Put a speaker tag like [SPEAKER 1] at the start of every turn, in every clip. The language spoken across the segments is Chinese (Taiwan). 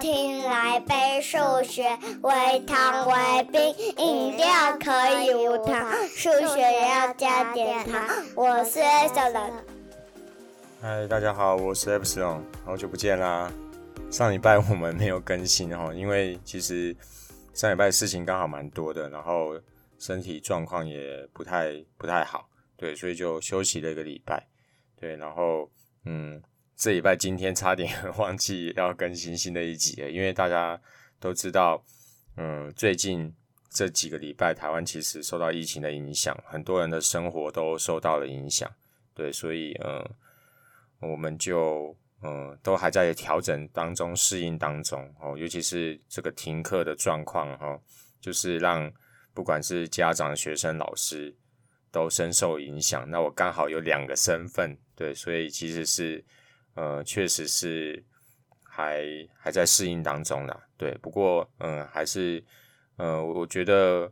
[SPEAKER 1] 聽來杯數學，微糖微冰，飲料可以無糖，數學要加點糖。我是小藍。嗨，大家好，我是 Epsilon，好久不見啦。上禮拜我們沒有更新哦，因為其實上禮拜事情剛好蠻多的，然後身體狀況也不太不太好，對，所以就休息了一個禮拜。對，然後嗯。這禮拜今天差點忘記要更新新的一集，因為大家都知道，嗯，最近這幾個禮拜，台灣其實受到疫情的影響，很多人的生活都受到了影響，對，所以嗯，我們就嗯都還在調整當中、適應當中，哦，尤其是這個停課的狀況哈，哦，就是讓不管是家長、學生、老師都深受影響。那我剛好有兩個身份，對，所以其實是。呃，確、嗯、實是還還在適應當中啦，對，不過嗯，還是呃、嗯，我覺得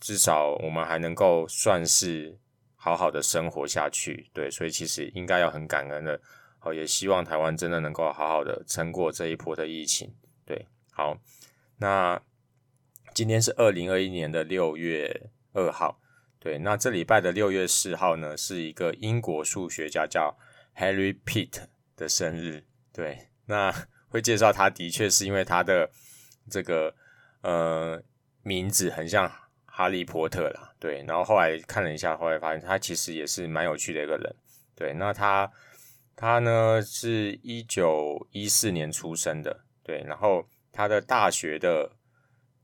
[SPEAKER 1] 至少我們還能夠算是好好的生活下去，對，所以其實應該要很感恩的，好、呃，也希望台灣真的能夠好好的撐過這一波的疫情，對，好，那今天是二零二一年的六月二號，對，那這禮拜的六月四號呢，是一個英國數學家叫 Harry Pitt。的生日，對，那會介紹他的確是因為他的這個呃名字很像哈利波特啦，對，然後後來看了一下，後來發現他其實也是蠻有趣的一個人，對，那他他呢是一九一四年出生的，對，然後他的大學的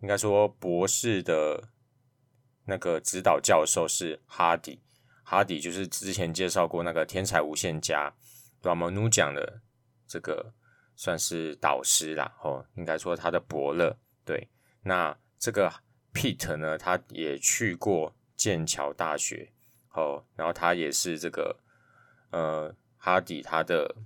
[SPEAKER 1] 應該說博士的那個指導教授是哈迪，哈迪就是之前介紹過那個天才無限家。老毛奴講的這個算是導師啦，哦，應該說他的伯樂。對，那這個 Pitt 呢，他也去過劍橋大學，哦，然後他也是這個呃哈迪他的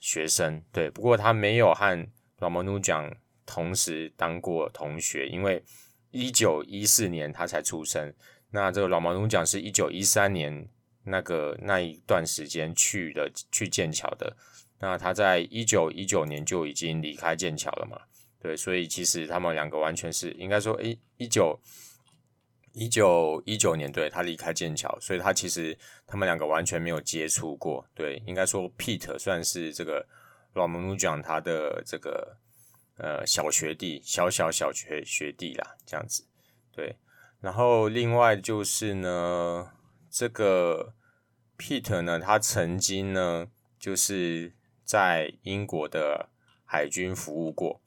[SPEAKER 1] 學生，對。不過他沒有和老毛奴江同時當過同學，因為一九一四年他才出生，那這個老毛奴江是一九一三年。那個那一段時間去的去劍橋的，那他在一九一九年就已經離開劍橋了嘛？對，所以其實他們兩個完全是應該說一，誒，一九一九一九年對，他離開劍橋，所以他其實他們兩個完全沒有接觸過。對，應該說，Pitt 算是這個拉馬努江他的這個呃小學弟，小小小學學弟啦，這樣子。對，然後另外就是呢。這個 Pitt 呢，他曾經呢，就是在英國的海軍服務過。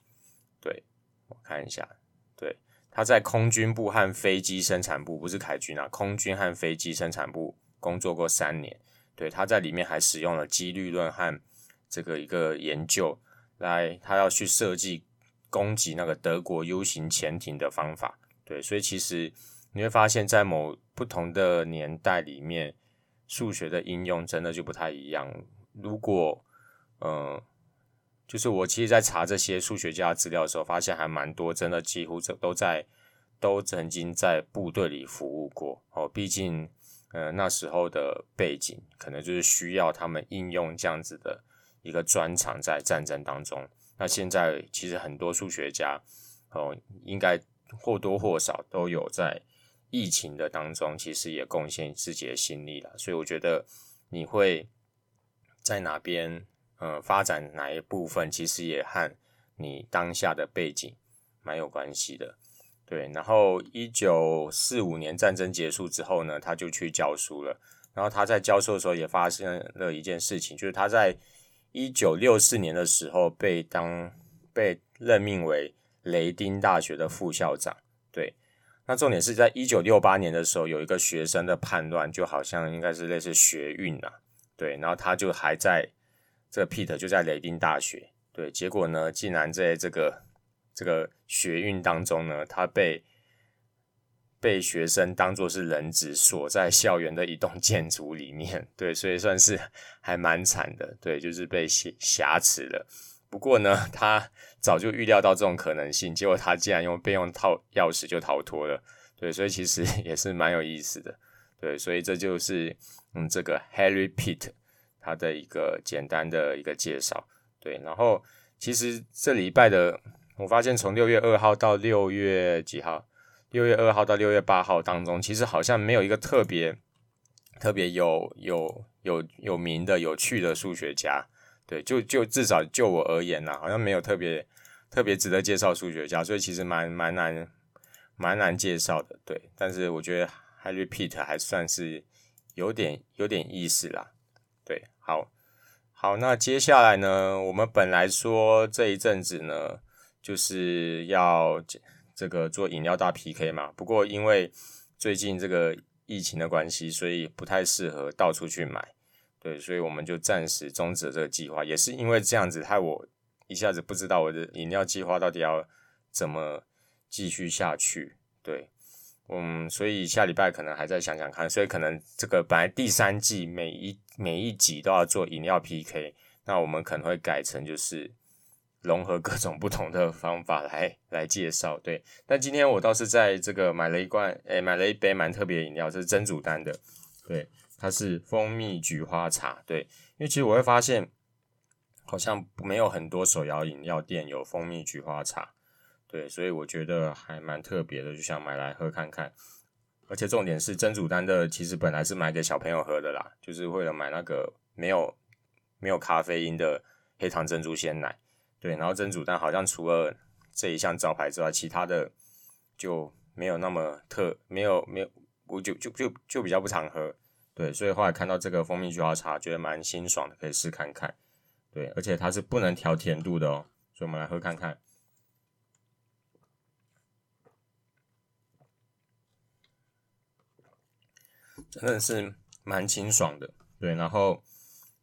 [SPEAKER 1] 對，我看一下，對，他在空軍部和飛機生產部，不是海軍啊，空軍和飛機生產部工作過三年。對，他在裡面還使用了機率論和這個一個研究來，他要去設計攻擊那個德國 U 型潛艇的方法。對，所以其實。你會發現在某不同的年代裡面，數學的應用真的就不太一樣。如果，嗯、呃，就是我其實，在查這些數學家資料的時候，發現還蠻多，真的幾乎都都在都曾經在部隊裡服務過哦。畢竟，呃，那時候的背景可能就是需要他們應用這樣子的一個專長在戰爭當中。那現在其實很多數學家哦，應該或多或少都有在。疫情的當中，其實也貢獻自己的心力了，所以我覺得你會在哪邊，嗯、呃，發展哪一部分，其實也和你當下的背景蠻有關係的，對。然後，一九四五年戰爭結束之後呢，他就去教書了。然後他在教授的時候，也發生了一件事情，就是他在一九六四年的時候被當被任命為雷丁大學的副校長，對。那重點是在一九六八年的時候，有一個學生的叛亂，就好像應該是類似學運吶、啊，對，然後他就還在這個 Pitt 就在雷丁大學，對，結果呢，竟然在這個這個學運當中呢，他被被學生當作是人質，鎖在校園的一棟建築裡面，對，所以算是還蠻慘的，對，就是被挾挾持了。不過呢，他早就預料到這種可能性，結果他竟然用備用套鑰匙就逃脫了。對，所以其實也是蠻有意思的。對，所以這就是嗯，這個 Harry Pitt 他的一個簡單的一個介紹。對，然後其實這禮拜的，我發現從六月二號到六月幾號，六月二號到六月八號當中，其實好像沒有一個特別特別有有有有名的、有趣的數學家。對，就就至少就我而言啦，好像沒有特別特別值得介紹數學家，所以其實蠻蠻難蠻難介紹的。對，但是我覺得 Harry Pitt 還算是有點有點意思啦。對，好好，那接下來呢，我們本來說這一陣子呢就是要這個做飲料大 PK 嘛，不過因為最近這個疫情的關係，所以不太適合到處去買。對，所以我們就暫時終止了這個計劃，也是因為這樣子害我一下子不知道我的飲料計劃到底要怎麼繼續下去。對，嗯，所以下禮拜可能還在想想看，所以可能這個本來第三季每一每一集都要做飲料 PK，那我們可能會改成就是融合各種不同的方法來來介紹。對，但今天我倒是在這個買了一罐，誒，買了一杯蠻特別的飲料，這是珍煮丹的，對。它是蜂蜜菊花茶，對，因為其實我會發現好像沒有很多手搖飲料店有蜂蜜菊花茶，對，所以我覺得還蠻特別的，就想買來喝看看。而且重點是珍煮丹的，其實本來是買給小朋友喝的啦，就是為了買那個沒有沒有咖啡因的黑糖珍珠鮮奶，對，然後珍煮丹好像除了這一項招牌之外，其他的就沒有那麼特，沒有沒有，我就就就就比較不常喝。對，所以後來看到這個蜂蜜菊花茶，覺得蠻清爽的，可以試看看。對，而且它是不能調甜度的哦，所以我們來喝看看，真的是蠻清爽的。對，然後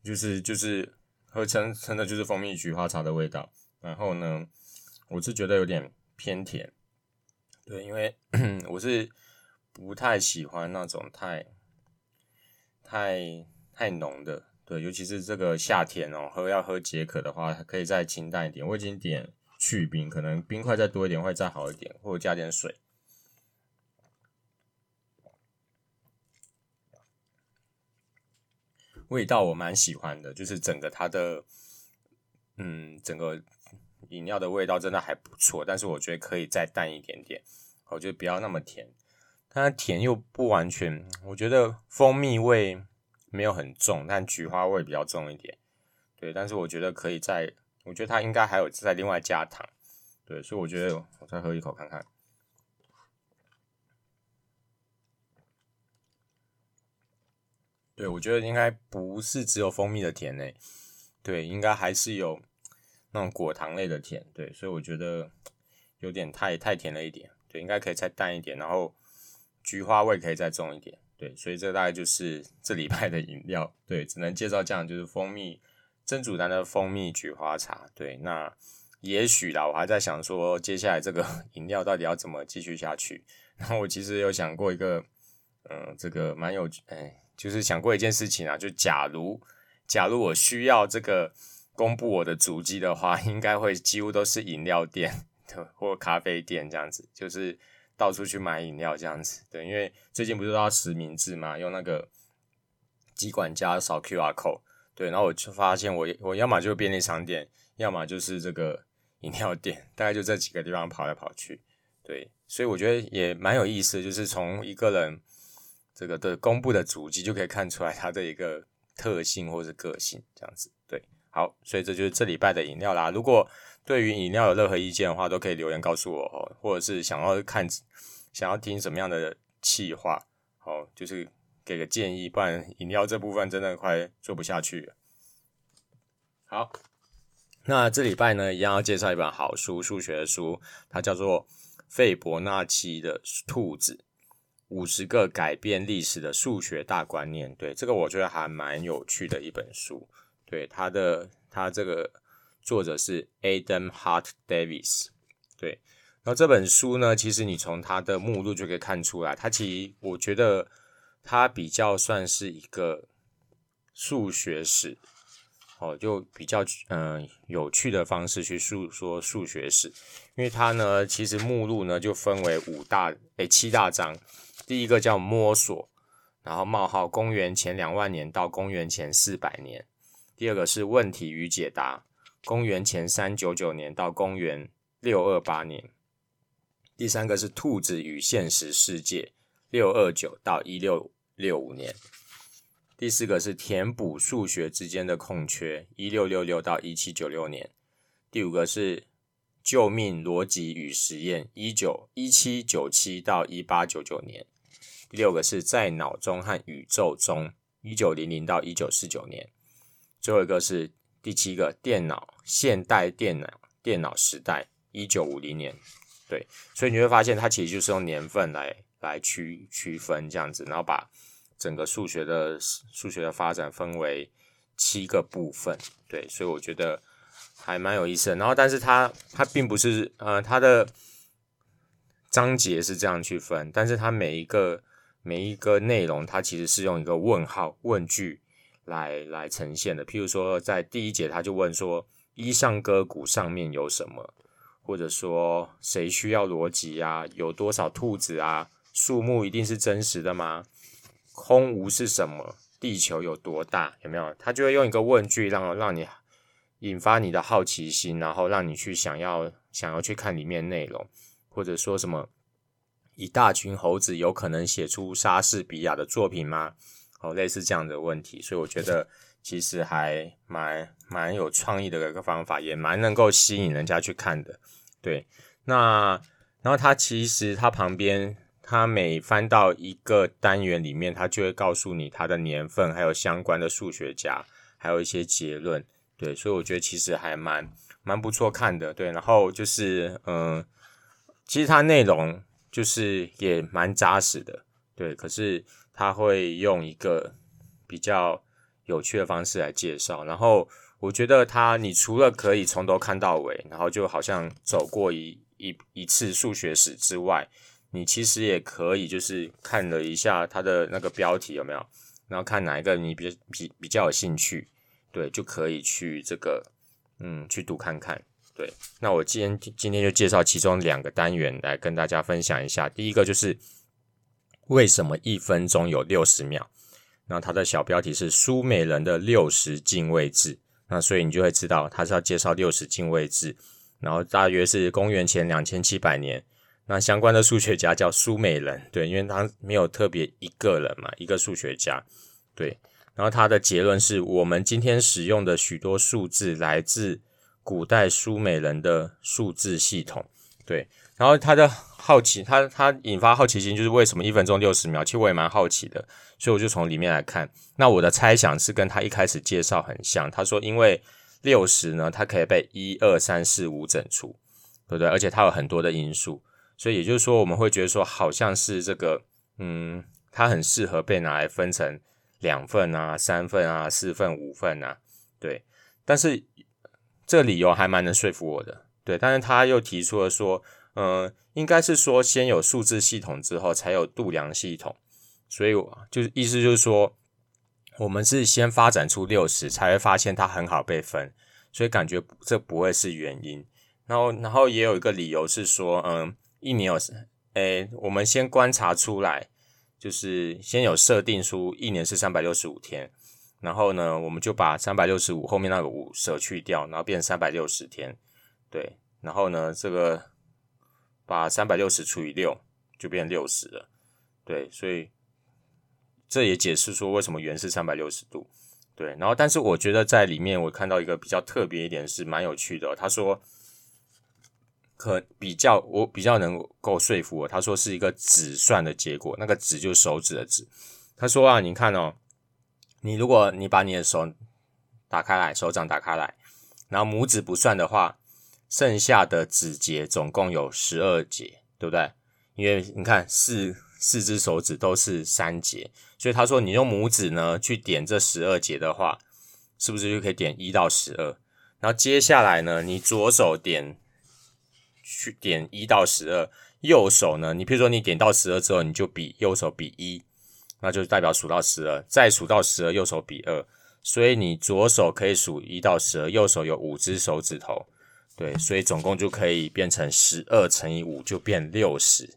[SPEAKER 1] 就是就是喝成真的就是蜂蜜菊花茶的味道。然後呢，我是覺得有點偏甜，對，因為我是不太喜歡那種太。太太濃的，對，尤其是這個夏天哦，喝要喝解渴的話，可以再清淡一點。我已經點去冰，可能冰塊再多一點會再好一點，或者加點水。味道我蠻喜歡的，就是整個它的，嗯，整個飲料的味道真的還不錯，但是我覺得可以再淡一點點，我覺得不要那麼甜。但它甜又不完全，我覺得蜂蜜味沒有很重，但菊花味比較重一點。對，但是我覺得可以再，我覺得它應該還有再另外加糖。對，所以我覺得我再喝一口看看。對，我覺得應該不是只有蜂蜜的甜誒、欸。對，應該還是有那種果糖類的甜。對，所以我覺得有點太太甜了一點。對，應該可以再淡一點，然後。菊花味可以再重一點，對，所以這大概就是這禮拜的飲料，對，只能介紹這樣，就是蜂蜜珍煮丹的蜂蜜菊花茶，對，那也許啦，我還在想說，接下來這個飲料到底要怎麼繼續下去？然後我其實有想過一個，嗯，這個蠻有，哎，就是想過一件事情啊，就假如，假如我需要這個公布我的足跡的話，應該會幾乎都是飲料店對或咖啡店這樣子，就是。到處去買飲料這樣子，對，因為最近不是都要實名制嘛，用那個機管家掃 QR code，對，然後我就發現我我要麼就便利商店，要麼就是這個飲料店，大概就這幾個地方跑來跑去，對，所以我覺得也蠻有意思，就是從一個人這個的公布的足跡就可以看出來他的一個特性或者個性這樣子，對。好，所以這就是這禮拜的飲料啦。如果對於飲料有任何意見的話，都可以留言告訴我哦。或者是想要看、想要聽什麼樣的企劃，哦，就是給個建議，不然飲料這部分真的快做不下去了。好，那這禮拜呢，一樣要介紹一本好書——數學的書，它叫做《費波納契的兔子：五十個改變歷史的數學大觀念》。對，這個我覺得還蠻有趣的一本書。對，它的它這個作者是 Adam Hart Davis。對，然後這本書呢，其實你從它的目錄就可以看出來，它其實我覺得它比較算是一個數學史，哦，就比較嗯、呃、有趣的方式去訴說數學史，因為它呢，其實目錄呢就分為五大，誒，七大章，第一個叫摸索，然後冒號公元前兩萬年到公元前四百年。第二個是問題與解答，公元前三九九年到公元六二八年。第三個是兔子與現實世界，六二九到一六六五年。第四個是填補數學之間的空缺，一六六六到一七九六年。第五個是救命邏輯與實驗，一九一七九七到一八九九年。第六個是在腦中和宇宙中，一九零零到一九四九年。最後一個是第七個，電腦，現代電腦，電腦時代，一九五零年，對，所以你會發現它其實就是用年份來來區區分這樣子，然後把整個數學的數學的發展分為七個部分，對，所以我覺得還蠻有意思的。然後，但是它它並不是呃它的章節是這樣去分，但是它每一個每一個內容，它其實是用一個問號問句。來來呈現的，譬如說，在第一節他就問說：衣裳、歌鼓上面有什麼？或者說誰需要邏輯啊？有多少兔子啊？數目一定是真實的嗎？空無是什麼？地球有多大？有沒有？他就會用一個問句讓，讓讓你引發你的好奇心，然後讓你去想要想要去看裡面內容，或者說什麼一大群猴子有可能寫出莎士比亞的作品嗎？哦，類似這樣的問題，所以我覺得其實還蠻蠻有創意的一個方法，也蠻能夠吸引人家去看的。對，那然後它其實它旁邊，它每翻到一個單元裡面，它就會告訴你它的年份，還有相關的數學家，還有一些結論。對，所以我覺得其實還蠻蠻不錯看的。對，然後就是嗯，其實它內容就是也蠻扎實的。對，可是。他會用一個比較有趣的方式來介紹，然後我覺得他，你除了可以從頭看到尾，然後就好像走過一一一次數學史之外，你其實也可以就是看了一下他的那個標題有沒有，然後看哪一個你比比比較有興趣，對，就可以去這個嗯去讀看看。對，那我今天今天就介紹其中兩個單元來跟大家分享一下，第一個就是。為什麼一分鐘有六十秒？那它的小標題是蘇美人的六十進位制。那所以你就會知道它是要介紹六十進位制。然後大約是公元前兩千七百年。那相關的數學家叫蘇美人，對，因為他沒有特別一個人嘛，一個數學家，對。然後他的結論是我們今天使用的許多數字來自古代蘇美人的數字系統，對。然後他的好奇，他他引發好奇心就是為什麼一分鐘六十秒？其實我也蠻好奇的，所以我就從裡面來看。那我的猜想是跟他一開始介紹很像，他說因為六十呢，他可以被一二三四五整除，對不對？而且他有很多的因素，所以也就是說我們會覺得說好像是這個，嗯，他很適合被拿來分成兩份啊、三份啊、四份、五份啊，對。但是這個理由還蠻能說服我的，對。但是他又提出了說。嗯，應該是說先有數字系統之後才有度量系統，所以就是意思就是說，我們是先發展出六十，才會發現它很好被分，所以感覺這不會是原因。然後，然後也有一個理由是說，嗯，一年有誒哎、欸，我們先觀察出來，就是先有設定出一年是三百六十五天，然後呢，我們就把三百六十五後面那個五舍去掉，然後變成三百六十天，對，然後呢，這個。把三百六十除以六，就變六十了。對，所以這也解釋說為什麼圓是三百六十度。對，然後但是我覺得在裡面我看到一個比較特別一點是蠻有趣的哦。他說，可比較我比較能夠說服我哦，他說是一個指算的結果，那個指就是手指的指。他說啊，你看哦，你如果你把你的手打開來，手掌打開來，然後拇指不算的話。剩下的指節總共有十二節，對不對？因為你看四四隻手指都是三節，所以他說你用拇指呢，去點這十二節的話，是不是就可以點一到十二？然後接下來呢，你左手點去點一到十二，右手呢，你比如說你點到十二之後，你就比右手比一，那就代表數到十二，再數到十二，右手比二，所以你左手可以數一到十二，右手有五隻手指頭。對，所以總共就可以變成十二乘以五，就變六十。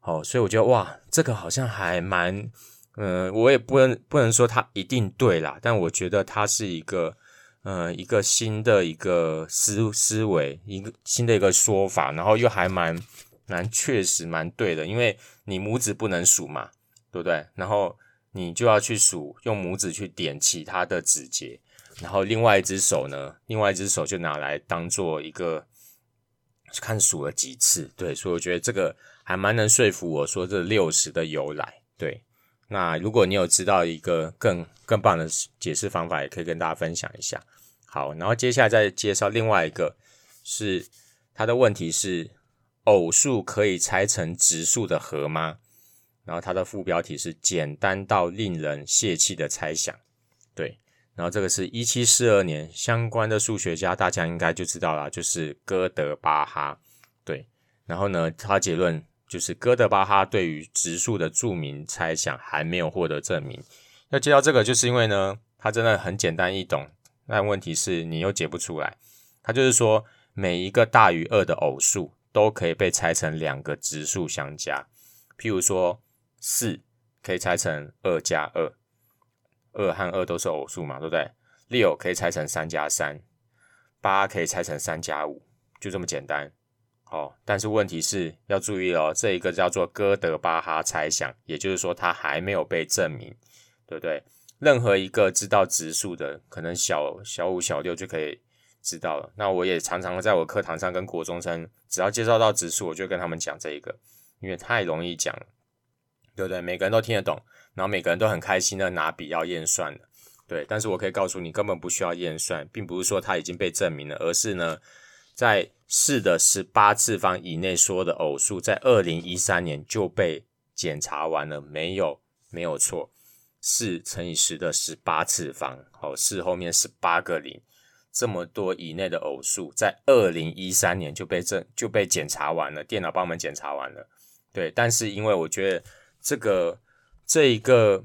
[SPEAKER 1] 好，所以我覺得哇，這個好像還蠻……嗯、呃，我也不能不能說它一定對啦，但我覺得它是一個……呃，一個新的一個思思維，一個新的一個說法，然後又還蠻蠻確實蠻對的，因為你拇指不能數嘛，對不對？然後你就要去數，用拇指去點其他的指節。然後另外一只手呢，另外一只手就拿來當做一個看數了幾次，對，所以我覺得這個還蠻能說服我說這六十的由來。對，那如果你有知道一個更更棒的解釋方法，也可以跟大家分享一下。好，然後接下來再介紹另外一個是它的問題是偶數可以拆成質數的和嗎？然後它的副標題是簡單到令人泄氣的猜想。然後這個是一七四二年相關的數學家，大家應該就知道了，就是哥德巴哈，對。然後呢，他結論就是哥德巴哈對於質數的著名猜想還沒有獲得證明。要介紹這個，就是因為呢，它真的很簡單易懂，但問題是你又解不出來。他就是說，每一個大於二的偶數都可以被拆成兩個質數相加。譬如說，四可以拆成二加二。二和二都是偶數嘛，對不對？六可以拆成三加三，八可以拆成三加五，就這麼簡單。哦。好，但是問題是要注意哦，這一個叫做哥德巴哈猜想，也就是說它還沒有被證明，對不對？任何一個知道質數的，可能小小五、小六就可以知道了。那我也常常在我課堂上跟國中生，只要介紹到質數，我就跟他們講這一個，因為太容易講了，對不對？每個人都聽得懂。然後每個人都很開心的拿筆要驗算了，對，但是我可以告訴你，根本不需要驗算，並不是說它已經被證明了，而是呢，在四的十八次方以內所有的偶數，在二零一三年就被檢查完了，沒有，沒有錯，四乘以十的十八次方，哦，四後面是十八個零，這麼多以內的偶數，在二零一三年就被證就被檢查完了，電腦幫我們檢查完了，對，但是因為我覺得這個。這一個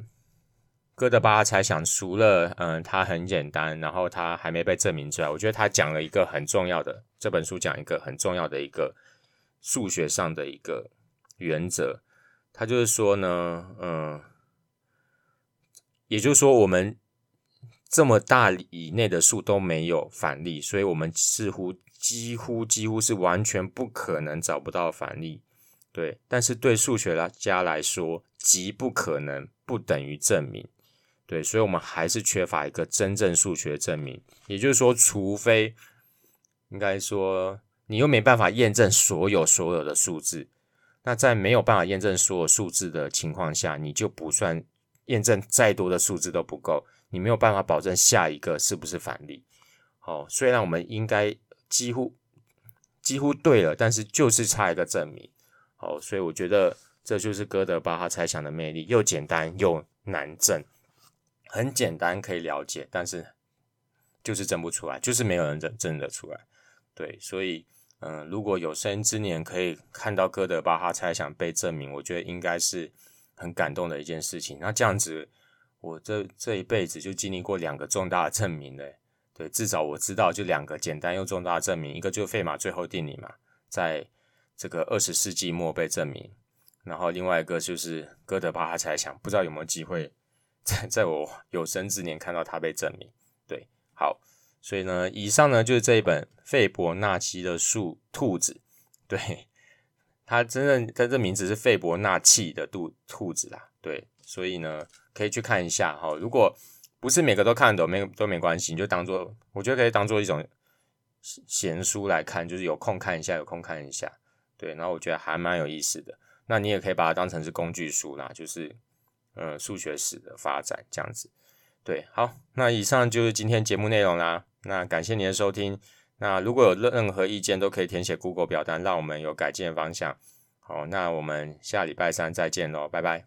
[SPEAKER 1] 哥德巴猜想，除了嗯，它很簡單，然後它還沒被證明之外，我覺得他講了一個很重要的，這本書講一個很重要的一個數學上的一個原則。他就是說呢，嗯，也就是說，我們這麼大以內的數都沒有反例，所以我們似乎幾乎幾乎是完全不可能找不到反例，對。但是對數學家來說，極不可能不等於證明，對，所以我們還是缺乏一個真正數學證明。也就是說，除非應該說你又沒辦法驗證所有所有的數字，那在沒有辦法驗證所有數字的情況下，你就不算，驗證再多的數字都不夠，你沒有辦法保證下一個是不是反例。好，雖然我們應該幾乎幾乎對了，但是就是差一個證明。好，所以我覺得。這就是哥德巴哈猜想的魅力，又簡單又難證，很簡單可以了解，但是就是證不出來，就是沒有人證證得出來。對，所以嗯、呃，如果有生之年可以看到哥德巴哈猜想被證明，我覺得應該是很感動的一件事情。那這樣子，我這這一輩子就經歷過兩個重大的證明呢，對，至少我知道就兩個簡單又重大的證明，一個就是費馬最後定理嘛，在這個二十世紀末被證明。然後另外一個就是哥德巴赫猜想，不知道有沒有機會在在我有生之年看到它被證明。對，好，所以呢，以上呢就是這一本費波納契的數兔子，對，它真正它這名字是費波納契的兔兔子啦，對，所以呢可以去看一下哈、哦，如果不是每個都看得懂，沒都沒關係，你就當做，我覺得可以當做一種閒書來看，就是有空看一下，有空看一下，對，然後我覺得還蠻有意思的。那你也可以把它當成是工具書啦，就是，呃，數學史的發展這樣子。對，好，那以上就是今天節目內容啦。那感謝您的收聽。那如果有任任何意見，都可以填寫 Google 表單，讓我們有改進的方向。好，那我們下禮拜三再見嘍，拜拜。